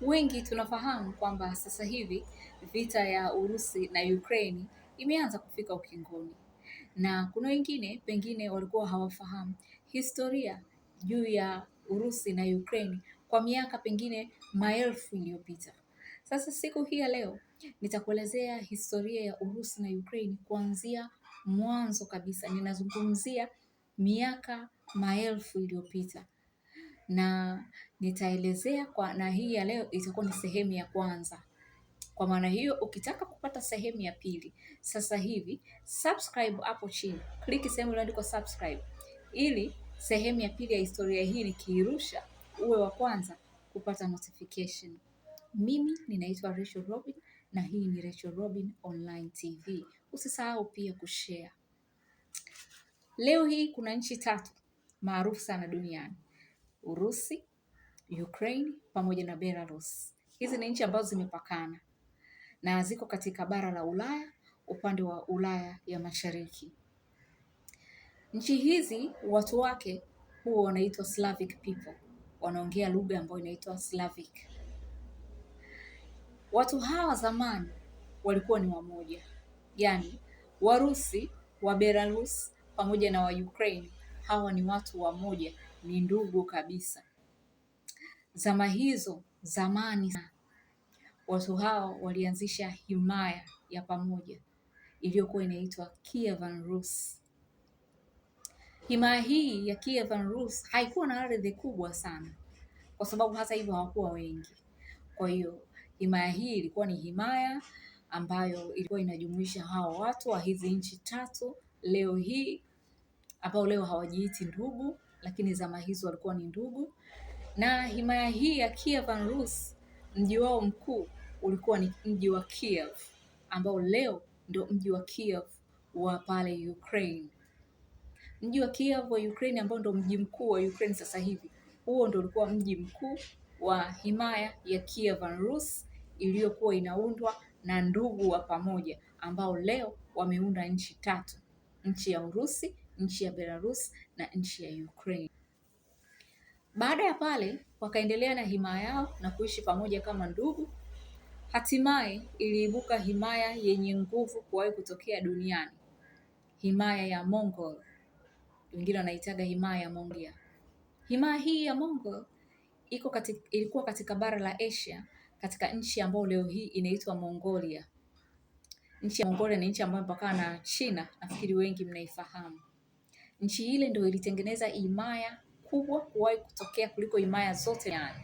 Wengi tunafahamu kwamba sasa hivi vita ya Urusi na Ukraine imeanza kufika ukingoni, na kuna wengine pengine walikuwa hawafahamu historia juu ya Urusi na Ukraine kwa miaka pengine maelfu iliyopita. Sasa siku hii ya leo nitakuelezea historia ya Urusi na Ukraine kuanzia mwanzo kabisa. Ninazungumzia miaka maelfu iliyopita na nitaelezea kwa na hii ya leo itakuwa ni sehemu ya kwanza. Kwa maana hiyo ukitaka kupata sehemu ya pili sasa hivi subscribe hapo chini, kliki sehemu iliyoandikwa subscribe ili sehemu ya pili ya historia hii nikiirusha uwe wa kwanza kupata notification. Mimi ninaitwa Rachel Robin na hii ni Rachel Robin Online TV. Usisahau pia kushare. Leo hii kuna nchi tatu maarufu sana duniani. Urusi, Ukraine pamoja na Belarus. Hizi ni nchi ambazo zimepakana na ziko katika bara la Ulaya upande wa Ulaya ya Mashariki. Nchi hizi watu wake huwa wanaitwa Slavic people, wanaongea lugha ambayo inaitwa Slavic. Watu hawa zamani walikuwa ni wamoja, yaani Warusi wa Belarus pamoja na wa Ukraine, hawa ni watu wamoja ni ndugu kabisa. Zama hizo zamani sana, watu hao walianzisha himaya ya pamoja iliyokuwa inaitwa Kievan Rus. Himaya hii ya Kievan Rus haikuwa na ardhi kubwa sana, kwa sababu hata hivyo hawakuwa wengi. Kwa hiyo himaya hii ilikuwa ni himaya ambayo ilikuwa inajumuisha hawa watu wa hizi nchi tatu leo hii ambao leo hawajiiti ndugu lakini zama hizo walikuwa ni ndugu. Na himaya hii ya Kievan Rus, mji wao mkuu ulikuwa ni mji wa Kiev ambao leo ndio mji wa Kiev wa pale Ukraine. Mji wa Kiev wa Ukraine ambao ndio mji mkuu wa Ukraine sasa hivi, huo ndio ulikuwa mji mkuu wa himaya ya Kievan Rus iliyokuwa inaundwa na ndugu wa pamoja ambao leo wameunda nchi tatu: nchi ya Urusi, nchi ya Belarus na nchi ya Ukraine. Baada ya pale wakaendelea na himaya yao na kuishi pamoja kama ndugu. Hatimaye iliibuka himaya yenye nguvu kuwahi kutokea duniani, himaya ya Mongol, wengine wanaitaga himaya ya Mongolia. Himaya hii ya Mongol iko katika, ilikuwa katika bara la Asia katika nchi ambayo leo hii inaitwa Mongolia. Nchi ya Mongolia ni nchi ambayo imepakana na China, nafikiri wengi mnaifahamu. Nchi ile ndio ilitengeneza himaya kubwa kuwahi kutokea kuliko himaya zote duniani.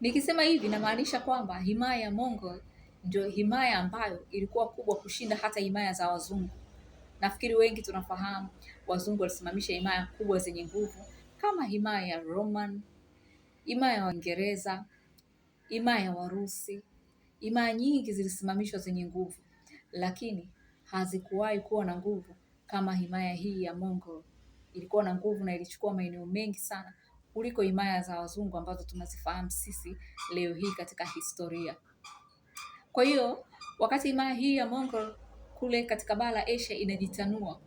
Nikisema hivi namaanisha kwamba himaya ya Mongol ndio himaya ambayo ilikuwa kubwa kushinda hata himaya za wazungu. Nafikiri wengi tunafahamu wazungu walisimamisha himaya kubwa zenye nguvu kama himaya ya Roman, himaya ya Waingereza, himaya ya Warusi. Himaya nyingi zilisimamishwa zenye nguvu, lakini hazikuwahi kuwa na nguvu kama himaya hii ya Mongol ilikuwa na nguvu na ilichukua maeneo mengi sana kuliko himaya za wazungu ambazo tunazifahamu sisi leo hii katika historia. Kwa hiyo wakati himaya hii ya Mongol kule katika bara la Asia inajitanua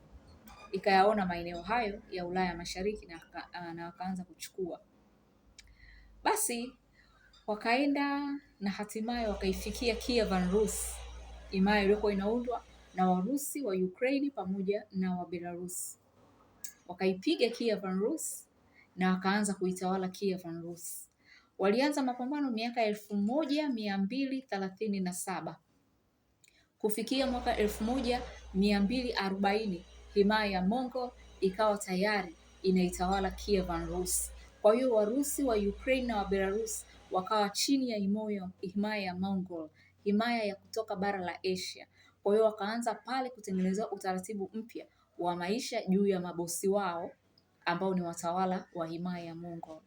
ikayaona maeneo hayo ya Ulaya Mashariki na, ah, na wakaanza kuchukua. Basi wakaenda na hatimaye wakaifikia Kievan Rus, himaya iliyokuwa inaundwa na Warusi wa Ukraini pamoja na Wabelarusi. Wakaipiga and Rus na wakaanza kuitawala and Rus. Walianza mapambano miaka elfu moja mia mbili thelathini na saba kufikia mwaka elfu moja mia mbili arobaini himaya ya Mongol ikawa tayari inaitawala and Rus. Kwa hiyo Warusi wa Ukraine na Wabelarusi wakawa chini ya himaya ya Mongol, himaya ya kutoka bara la Asia. Kwa hiyo wakaanza pale kutengeneza utaratibu mpya wa maisha juu ya mabosi wao ambao ni watawala wa himaya ya Mongol.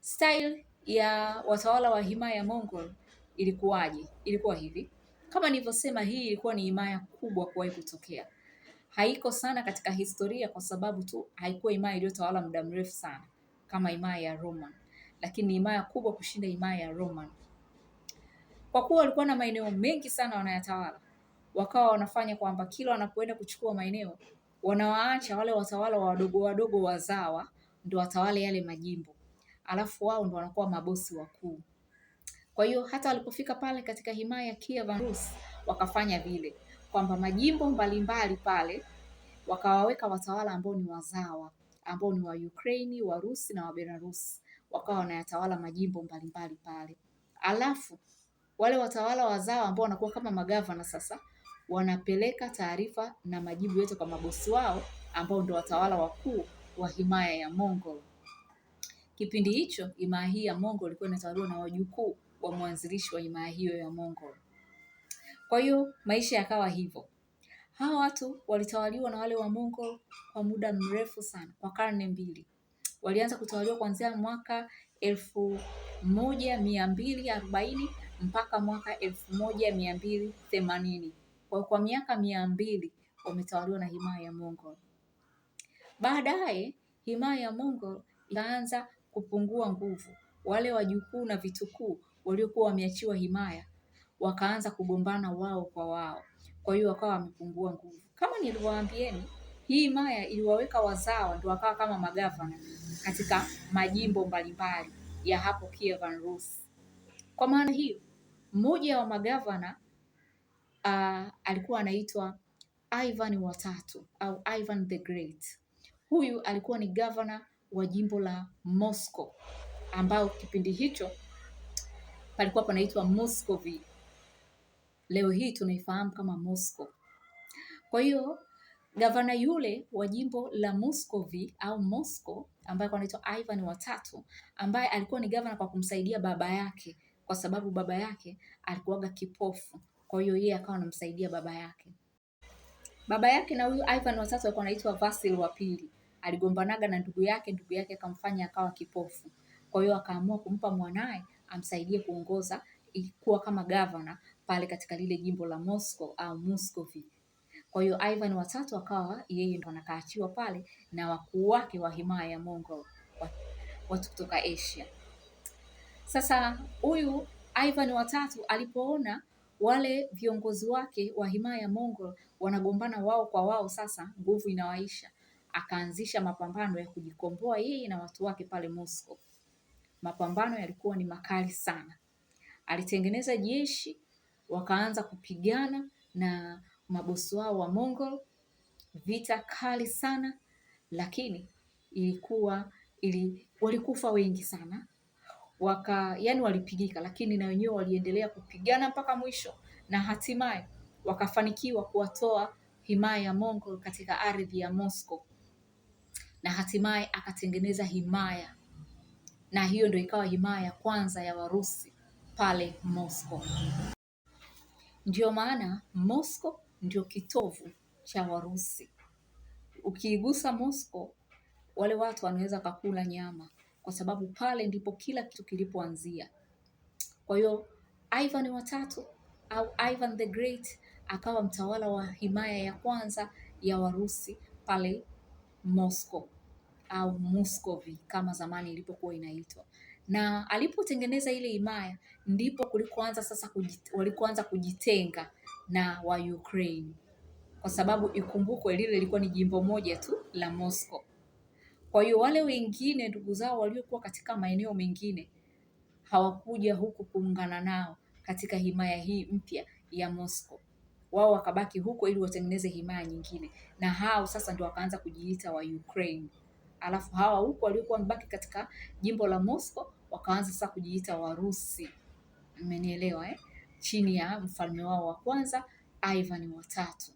Style ya watawala wa himaya ya Mongol ilikuwaje? Ilikuwa hivi, kama nilivyosema, hii ilikuwa ni himaya kubwa kuwahi kutokea. Haiko sana katika historia kwa sababu tu haikuwa himaya iliyotawala muda mrefu sana kama himaya ya Roman, lakini ni himaya kubwa kushinda himaya ya Roman kwa kuwa walikuwa na maeneo mengi sana wanayatawala wakawa wanafanya kwamba kila wanapoenda kuchukua maeneo wanawaacha wale watawala wadogo wadogo wazawa ndo watawale yale majimbo, alafu wao ndo wanakuwa mabosi wakuu. Kwa hiyo hata walipofika pale katika himaya ya Kiev Rus wakafanya vile kwamba majimbo mbalimbali mbali pale wakawaweka watawala ambao ni wazawa ambao ni wa Ukraine, wa Rusi na wa Belarus wakawa wanayatawala majimbo mbalimbali mbali pale, alafu wale watawala wazawa ambao wanakuwa kama magavana sasa wanapeleka taarifa na majibu yote kwa mabosi wao ambao ndio watawala wakuu wa himaya ya Mongol. Kipindi hicho himaya hii ya Mongol ilikuwa inatawaliwa na wajukuu wa mwanzilishi wa himaya hiyo ya Mongol. Kwa hiyo maisha yakawa hivyo. Hawa watu walitawaliwa na wale wa Mongol kwa muda mrefu sana, kwa karne mbili. Walianza kutawaliwa kuanzia mwaka elfu moja mia mbili arobaini mpaka mwaka elfu moja mia mbili themanini kwa miaka mia mbili wametawaliwa na himaya ya Mongol. Baadaye himaya ya Mongol ikaanza kupungua nguvu. Wale wajukuu na vitukuu waliokuwa wameachiwa himaya wakaanza kugombana wao kwa wao, kwa hiyo wakawa wamepungua nguvu. Kama nilivyowaambieni, hii himaya iliwaweka wazawa ndio wakawa kama magavana katika majimbo mbalimbali ya hapo Kievan Rus. Kwa maana hiyo mmoja wa magavana uh, alikuwa anaitwa Ivan wa tatu au Ivan the Great. Huyu alikuwa ni gavana wa jimbo la Moscow ambao kipindi hicho palikuwa panaitwa Moscovy. Leo hii tunaifahamu kama Moscow. Kwa hiyo gavana yule wa jimbo la Moscovy au Moscow ambaye anaitwa Ivan wa tatu, ambaye alikuwa ni gavana kwa kumsaidia baba yake, kwa sababu baba yake alikuwaga kipofu. Kwa hiyo yeye akawa anamsaidia baba yake. Baba yake na huyu Ivan wa sasa alikuwa anaitwa Vasil wa pili, aligombanaga na ndugu yake, ndugu yake akamfanya akawa kipofu. Kwa hiyo akaamua kumpa mwanaye amsaidie kuongoza kuwa kama governor pale katika lile jimbo la Moscow au Muscovy. Kwa hiyo Ivan wa tatu akawa yeye ndo anakaachiwa pale na wakuu wake wa himaya ya Mongol, watu kutoka Asia. Sasa huyu Ivan wa tatu alipoona wale viongozi wake wa himaya ya Mongol wanagombana wao kwa wao, sasa nguvu inawaisha, akaanzisha mapambano ya kujikomboa yeye na watu wake pale Moscow. Mapambano yalikuwa ni makali sana, alitengeneza jeshi, wakaanza kupigana na mabosi wao wa Mongol, vita kali sana, lakini ilikuwa ili, walikufa wengi sana waka yani walipigika, lakini na wenyewe waliendelea kupigana mpaka mwisho na hatimaye wakafanikiwa kuwatoa himaya ya Mongol katika ardhi ya Moscow, na hatimaye akatengeneza himaya, na hiyo ndio ikawa himaya ya kwanza ya Warusi pale Moscow. Ndiyo maana Moscow ndio kitovu cha Warusi. Ukiigusa Moscow, wale watu wanaweza kakula nyama kwa sababu pale ndipo kila kitu kilipoanzia. Kwa hiyo Ivan watatu au Ivan the Great akawa mtawala wa himaya ya kwanza ya Warusi pale Moscow au Muscovy kama zamani ilipokuwa inaitwa, na alipotengeneza ile himaya ndipo kulikoanza sasa kujit, walikoanza kujitenga na wa Ukraine kwa sababu ikumbukwe lile lilikuwa ni jimbo moja tu la Moscow. Kwa hiyo wale wengine ndugu zao waliokuwa katika maeneo mengine hawakuja huku kuungana nao katika himaya hii mpya ya Moscow. Wao wakabaki huko ili watengeneze himaya nyingine, na hao sasa ndio wakaanza kujiita wa Ukraine. Alafu hawa huko waliokuwa wamebaki katika jimbo la Moscow wakaanza sasa kujiita Warusi. Mmenielewa eh? Chini ya mfalme wao wa kwanza Ivan wa tatu.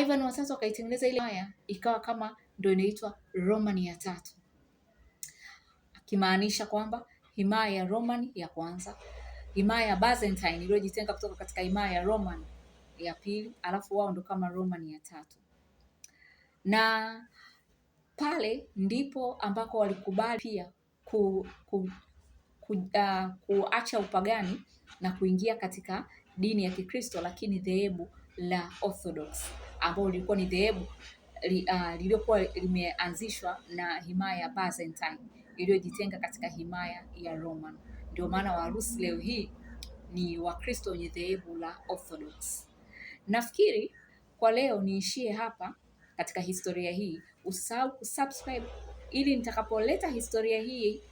Ivan wa tatu akaitengeneza ile himaya ikawa kama ndo inaitwa Roman ya tatu, akimaanisha kwamba himaya ya Roman ya kwanza, himaya ya Byzantine iliyojitenga kutoka katika himaya ya Roman ya pili, alafu wao ndo kama Roman ya tatu, na pale ndipo ambako walikubali pia ku, ku, ku, uh, kuacha upagani na kuingia katika dini ya Kikristo, lakini dhehebu la Orthodox ambao lilikuwa ni dhehebu Uh, lililokuwa uh, limeanzishwa na himaya ya Byzantine iliyojitenga katika himaya ya Roman. Ndio maana Warusi leo hii ni Wakristo wenye dhehebu la Orthodox. Nafikiri kwa leo niishie hapa katika historia hii. Usisahau kusubscribe ili nitakapoleta historia hii